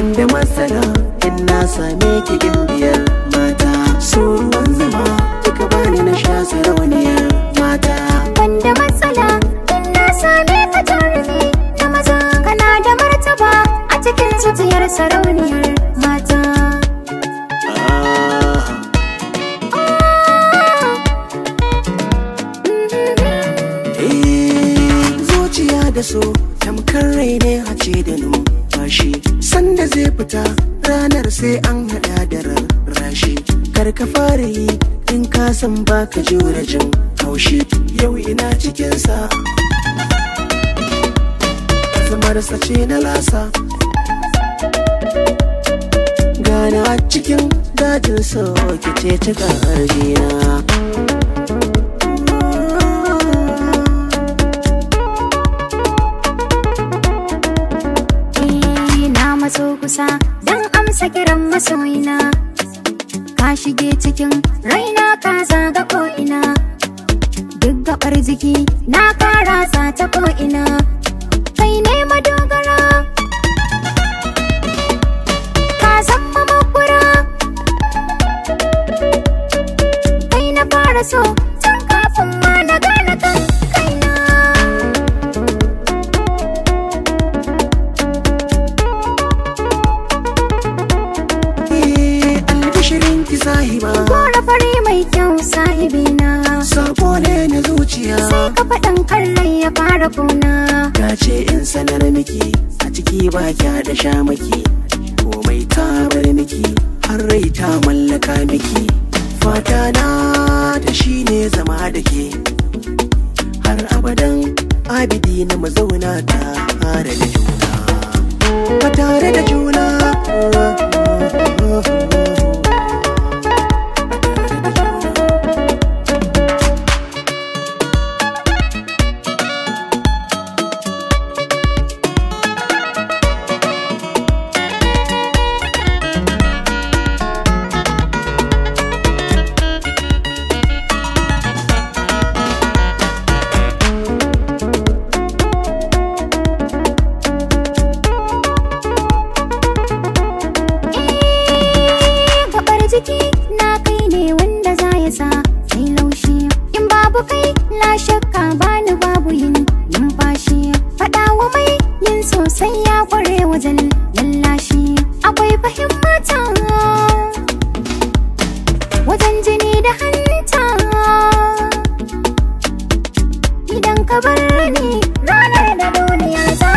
ban da matsala in na same ki gimbiyar mata su ruwan zama kika bani na sha sarauniyar mata ban da matsala in na same ka jarumi na maza kana da martaba a cikin zuciyar sarauniyar mata ah. eh, zuciya da so tamkar rai ne a ce da fita ranar sai an hada da rashi kar ka fara yi in ka san baka jura jin haushi yau ina cikinsa zamarsa ce na lasa gana cikin dajin so ce ta ƙarfi na kusa don amsa kiran masoyina ka shige cikin raina ka zaga ko'ina duk gabar jiki na kara ta ko'ina kai ne madogara ka zama makura kai na fara so safari mai kyau sahibina Sako ne na zuciya Sai ka faɗin kallon ya fara kuna Ta ce in sanar miki a ciki ba kya da sha miki Komai ta bar miki har rai ta mallaka miki Fata na da shi ne zama da ke Har abadan abidi na mazauna tare da juna Ba tare da juna kai la shakka bani babu yin numfashi faɗa wa mai yin sosai ya kware wajen lallashi akwai fahimmata wajen jini da hanta idan ka bar ni ranar da duniya za